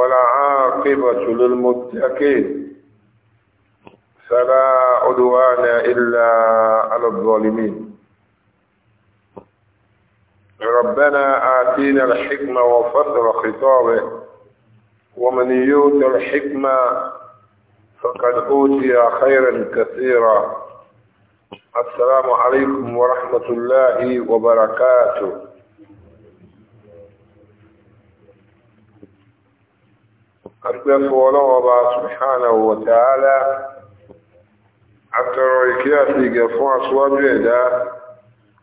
ولا عاقبة للمتقين فلا عدوان إلا على الظالمين ربنا آتينا الحكمة وفضل خطابه ومن يؤت الحكمة فقد أوتي خيرا كثيرا السلام عليكم ورحمة الله وبركاته ọpẹ́ fún ọlọ́wọ́ ọba subhanahu wa ta'ala àtọrọ ìkẹ́ àti ìgẹ̀ fún aṣíwájú ẹ̀dá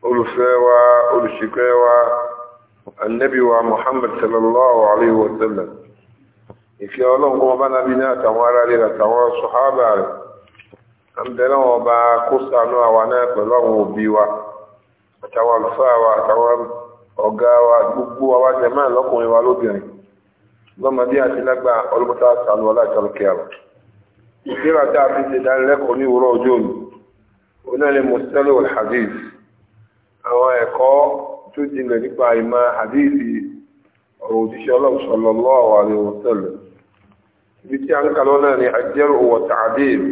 olùfẹ́ wa olùṣìkẹ́ wa annabi wa muhammad sallallahu alaihi wa sallam ìfẹ́ ọlọ́run kọmọ bá nàbí ní àtàwọn ará rẹ̀ àtàwọn sọ̀hábà rẹ̀ lọ́mọdé àti lágbà ọlọ́pọ̀tà sànú ọlájọ́lọ́kẹ́ àrùn ìfíra tá a fi ṣe dánilẹ́kọ̀ọ́ ní òwúrọ̀ ọjọ́ òní onílẹ̀ mọ̀sílẹ̀ olhadis àwọn ẹ̀kọ́ tó jinlẹ̀ nípa ìmọ̀ hadisi ọ̀rọ̀ òjíṣẹ́ ọlọ́run sallallahu alaihi wasallam ibi tí a ń kalọ́ náà ni àjẹ́rò òwò tààdéèm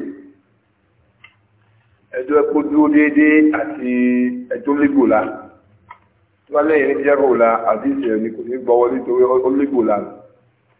ẹjọ́ ẹ̀kọ́ dúró déédéé wọ́n lẹ́yìn ní jẹ́rò òlà hadisi ẹ̀ kò ní gbọ́wọ́ nítorí ó lẹ́gbòlá nù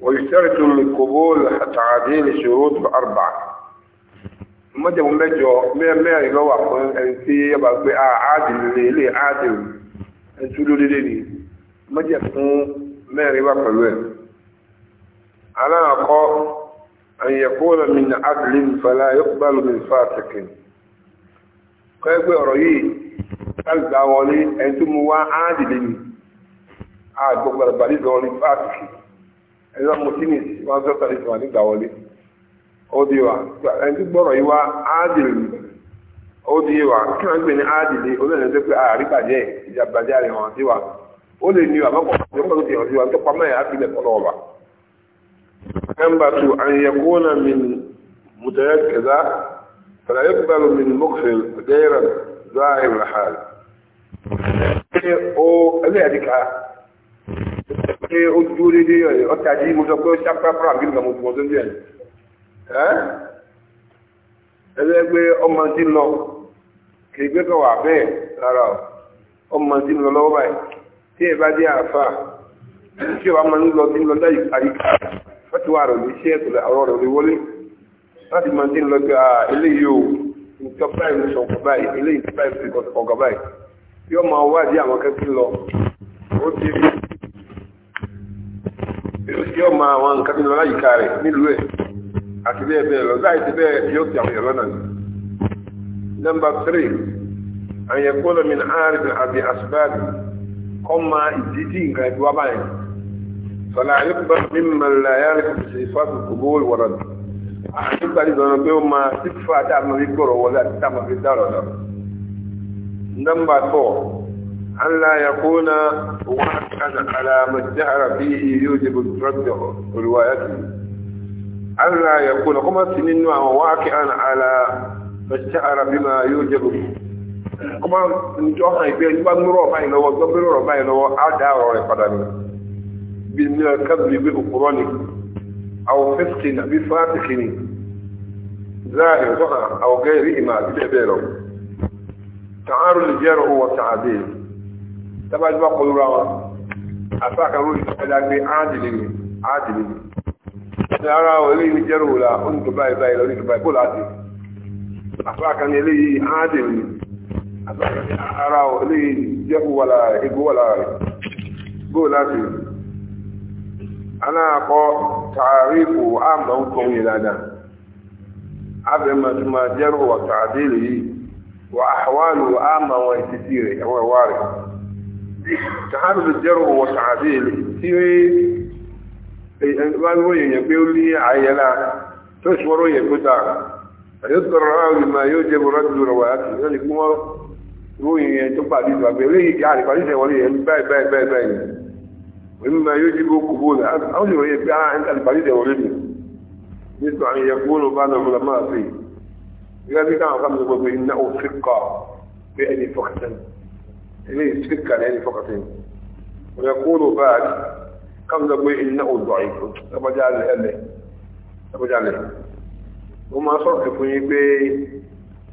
ويشترط من قبول تعديل الشروط الأربعة mọ́jẹ̀ mú mẹ́jọ mẹ́rin lọ́wọ́ fún ẹni tí ẹ bá gbé àádìí lè lè àádìí ẹni tó ló dédé ni mọ́jẹ̀ fún mẹ́rin wá pẹ̀lú ẹ̀ aláàkọ́ àyẹ̀kọ́lọ̀ mi ní àdìlì nìfàlá yóò bá lómi fàtàkì kẹ́gbẹ́ ọ̀rọ̀ yìí kálùgbà wọlé ẹni tó mú wá àádìí ni àgbọ̀gbàlùbàlì lọ́wọ́ ní fàtàkì ẹ̀rọ mọ̀tínì one hundred thirty one nígbà wọlé ó di wa ẹni tí gbọ́rọ̀ yìí wá áàdìrì ó wa kí wọ́n gbé ní áàdìrì olóòlù tó pé ah, àárí bàjẹ́ ìjà bàjẹ́ àrẹ̀ hàn sí wa ó lè ní àbọ̀kọ̀ àbọ̀kọ̀ tó pamọ́ ẹ̀ àti ilẹ̀ kọ́lọ́ ọ̀bà. nọ́mbà tù àyẹ̀kúnà mi mùtẹ́yẹ kẹta fàlàyé kúbalù mi mọ́kìfẹ̀l gẹ́rẹ̀ záà ìrìnàhàl. ó ẹlẹ́yàdìkà ṣé ó dúró dédé ọ̀tá jí mo sọ pé ó ṣàpápá àbí nǹkan mo fi wọn sójú ẹ̀ ẹgbẹ́ pé ọmọ tí ń lọ kì í gbé bẹ́ẹ̀ rárá o ọmọ tí ń lọ lọ́wọ́ báyìí tí ẹ bá dé àáfà tí ọba máa ń lọ tí ń lọ láyé àyíká fẹ́tí wà rẹ̀ ní iṣẹ́ ọ̀rọ̀ rẹ̀ wọlé láti máa tí ń lọ pé eléyìí o nǹkan báyìí ń sọ̀kọ̀ báyìí eléyìí ń sọ̀kọ̀ báyìí yóò máa wádìí yóò ma àwọn nǹkan tó lọ láyìí ká rẹ̀ nílùú ẹ̀ àti bẹ́ẹ̀ bẹ́ẹ̀ lọ láì ti bẹ́ẹ̀ yóò ti àwọn ìrọ̀lọ́nà ni. nọ́mbà tírì àyẹ̀kọ́lọ̀ mi àárín àbí àṣìbáàbì kọ́ ma ìdídí nǹkan ìdíwá báyìí sọlá àyẹ̀kọ́ mi mọ̀lá yára kò sì fásitì gbogbo ìwọ̀rọ̀ ni. àyẹ̀kọ́ àti ìdọ̀nà pé ó ma sífà dáàmú أن لا يكون واحدا على ما ادعر فيه يوجب رد روايته أن لا يكون كما سنين واقعا على ما ادعر بما يوجب كما نجوها يبين يبقى نروح باي لو وضبروا باي لو أدعى رأي قدامي من الكذب بالقرآن أو فسق بفاتح ظاهر أو غير إمام تعارض الجرع والتعديل tábàjú bá kọlu ra a a ka lórí ìdájá pé ni ni ara wọn eléyìí jẹ́rù la oníkó báyìí báyìí lọ oníkó báyìí kó láti àfáà kan ní eléyìí ka ni àfáà kan ní ara wọn eléyìí jẹ́rù wòlá egbó wòlá rẹ̀ gbó láti aláàkọ tààrífù tàhálù jẹ́rù wọ tààdé tí wọ́n yẹn pé ó ya àyẹ́lá tó ṣọ́rọ̀ yẹn pé tààrà àyẹ́sọ̀rọ̀ ráàlì máa yóò jẹ́ bọ̀rọ̀ jù rọ̀ wáyà tí wọ́n kí wọ́n ròyìn yẹn tó pàdé ìgbà pé léyìí kí àrìpàdé ìṣẹ̀wọ̀n yẹn báyìí báyìí báyìí báyìí wọ́n máa yóò jẹ́ gbogbo bó àwọn ìròyìn yẹn إليه تلك على يعني فقط ويقول بعد كم نقول إنه ضعيف أبدا على أمه أبدا على أمه وما صرت فيه بي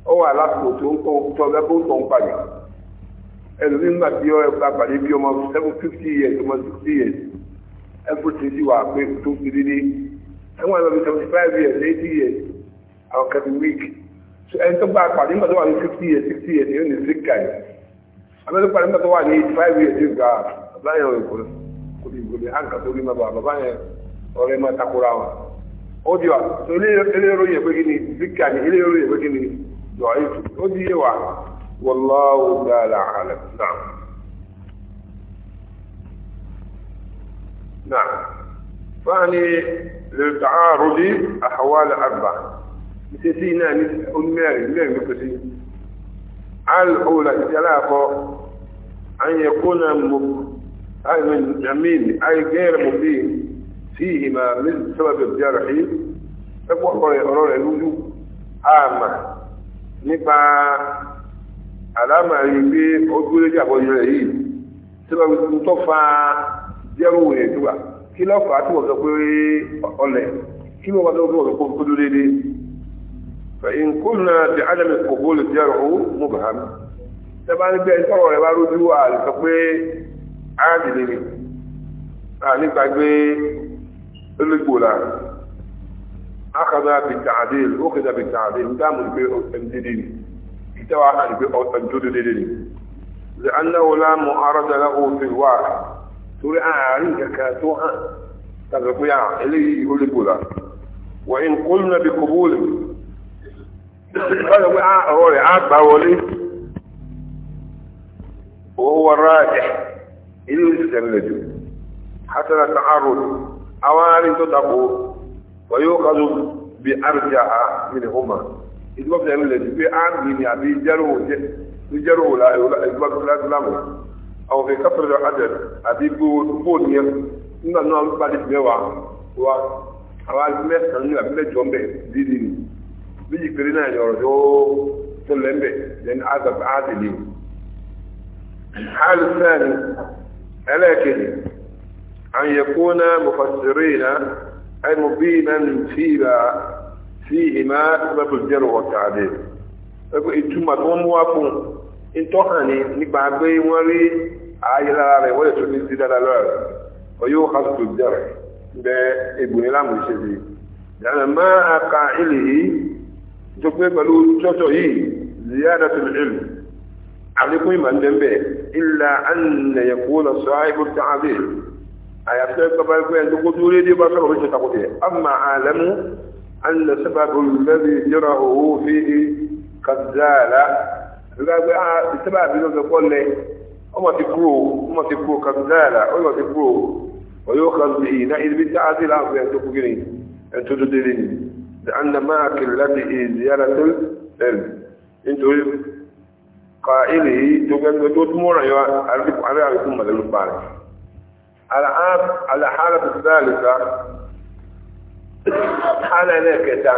أو على كتون كتون كتون كتون كتون ẹlòmíín gbà tí ọ ẹgbà pàdé bí ọmọ seven fifty years ọmọ sixty years everything ti wà pé tó ti dídí ẹ̀wọ̀n ẹlòmíín seventy five years eighty years àwọn kẹfì week so ẹni tó gbà pàdé nígbà tó wà ní fifty years sixty years yóò ní sick guy abẹ́rẹ́ pàdé mẹ́ta wà ní five years yìí gba bàbá yẹn òyìnbó kòbí ìgbòmí àǹkà tó rí mẹ́ta bàbá yẹn ọ̀rẹ́ máa takora wọn. ó di wa tó eléyòrò yẹn pé kí ni zika ni eléyòrò yẹn pé kí ni dọ̀ọ́ yìí tù ó di yé wa wàlláhu dàlà àlẹ́ náà. نعم فاني للتعارض احوال اربعه مثل سينا مثل امير امير مثل الأولى الثلاثة أن يكون مب... جميل أي غير مبين فيهما من سبب الجرح فقوة قرار الوجود عامة نبا علامة يبي أقول لك أبو جرعي سبب المتوفى جروا يتوى كلا فاتوا وقفوا أولي كما وقفوا وقفوا كدو فإن قلنا بعدم القبول الجرع مبهم طبعا إيه؟ آه، بي سورو ري با روجو على عادي لي يعني باغبي الجولا أخذ بالتعديل أخذ بالتعديل دام بالدين توعد بالدين دين لأنه لا معارضة له في الواقع ترى أعريك كاتوها تغفيا إليه يقول وإن قلنا بقبوله ọ̀rọ̀ pé ọ̀rọ̀ rẹ̀ á gbà wọlé owó wọ́rọ̀ ẹ̀ ilé ìsẹ̀lẹ̀ jù hátàrà ta àrò àwọn arìn tó a mìíràn ọmọ ìdúgbò sẹ̀lẹ̀ jù pé á gbìn ní àbí bí ìpèrè náà yọ̀rọ̀ tó tó lẹ́m̀bẹ̀ then azab adìlẹ̀ hal sani ẹlẹ́kẹ̀ẹ́ an na fi ìmá ẹgbẹ́ ìtumà tó wá fún nípa wọ́n rí rẹ̀ wọ́n lè tún ní sí dáadáa lọ́rẹ̀ bẹ́ẹ̀ yàrá máa ka ilé yìí tó pé pẹ̀lú tọ́tọ̀ yìí ziyadatul ilm àlékún ìmọ̀ ndẹ́mbẹ̀ illa an yakuna sahibu ta'dil àyàfẹ́ gbọ́bá ẹgbẹ́ ẹni tó kó bá sọ̀rọ̀ oúnjẹ takùtẹ̀ amma alamu أن سبب الذي جره فيه قد زال gbogbo ìtẹ́bà bí ló fẹ́ kọ́ lẹ ọmọ ti kúrò ọmọ ti kúrò kàmzáàlà ọmọ ti kúrò ọyọ́ kan lè yìí náà ibi tí a ti láàbù ẹ̀ tó gírin ẹ̀ délé nìyí لأن ما قلته زيارة العلم nítorí ka ilé yìí tó gẹ́gẹ́ tó tún mọ́ràn yọ àrí àríkún mọ̀lẹ́lú parí aláhálà tó dáàlì sá hálà ilẹ̀ kẹta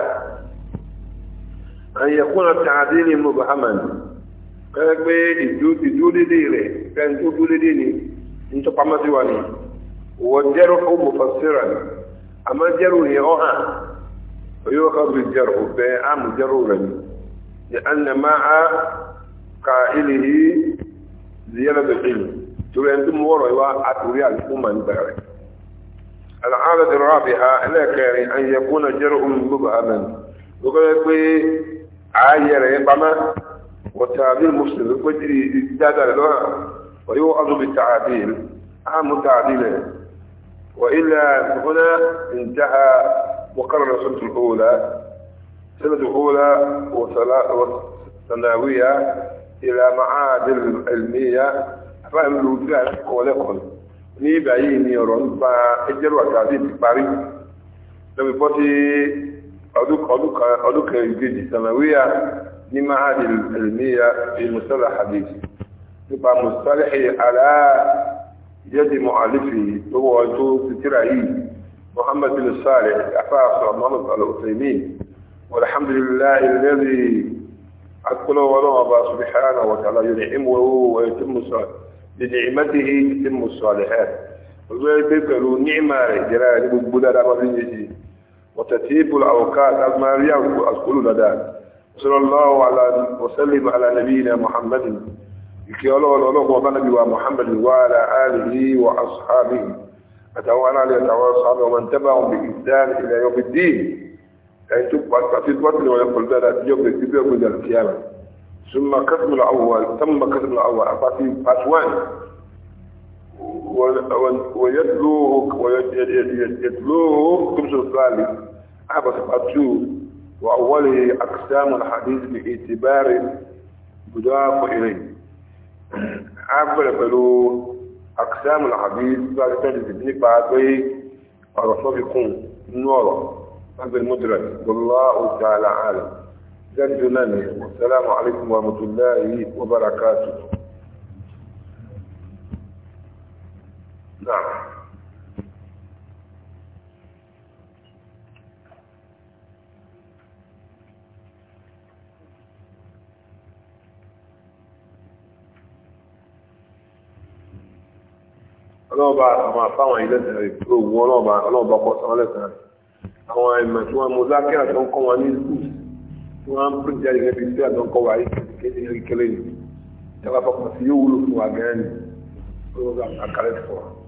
àyẹ̀kúnra tààdé ní muhammad kẹ́rẹ́ pé ìdúlédé rẹ̀ kẹ́rin tó dúlédé ni ń tó pamọ́ sí wa ni wọ́n jẹ́rù ó mọ̀ fọ́síràn àmọ́ jẹ́rù yẹn ọ̀hàn ويؤخذ بالجرح بعام جرورا لأن مع قائله زيادة العلم تريد ورع وأتوريا الأمة نبغي العادة الرابعة لا كاري أن يكون جرح مبهما وقال عاير يبما وتعديل مسلم وجري إجداد لها ويؤخذ بالتعديل عام تعديله وإلا هنا انتهى وقرر السنة الأولى السنة الأولى والثانوية إلى معادل العلمية فهم الوجهة ولكن ní ìbáyé ni ọ̀rọ̀ ń gba ẹjẹ́rù àtàdé ti parí lọ́bí bọ́ sí ọdún kẹrìndínlẹ́jì sàmàwíyà ní mahadi elmiya fi musala hadith nípa musala ala yẹ́dì mọ̀ àlífì lọ́wọ́ tó ti tíra محمد بن صالح عفاف محمد العثيمين والحمد لله الذي أكل ونعب سبحانه وتعالى ينعمه ويتم بنعمته يتم الصالحات ويبقلوا نعمة جلال ببدا مبينيه وتتيب الأوقات المالية أذكر لدى صلى الله على وسلم على نبينا محمد يكي الله ولو وبنبي ومحمد وعلى آله وأصحابه فتوانا الصحابة ومن تبعهم بإنسان إلى يوم الدين أي تبقى في البطل ويقول ذلك في يوم الكبير من القيامة ثم قسم الأول ثم قسم الأول أعطاه فاتوان ويتلوه ويتلوه كمس الثالث أعطاه فاتوان وأوله أقسام الحديث لإعتبار مضاف إليه عبر بلوه أقسام بعد تجد نفع به ورسولكم نورا هذا المدرك والله تعالى عالم جد لنا والسلام عليكم ورحمة الله وبركاته نعم ọlọ́ọ̀bá àwọn àfáwọn ilẹ̀sẹ̀ rẹ̀ tó wù ọlọ́ọ̀bá ọlọ́ọ̀bá kọ́ sọ ọlẹ́sẹ̀ rẹ̀ àwọn ìmọ̀ tí wọ́n mú lákẹ́rà tó ń kọ́ wọn ní ìlú tí wọ́n ń pín jáde gẹ́gẹ́ bí sí àtọ́ ń kọ́ wa kéde kékeré yìí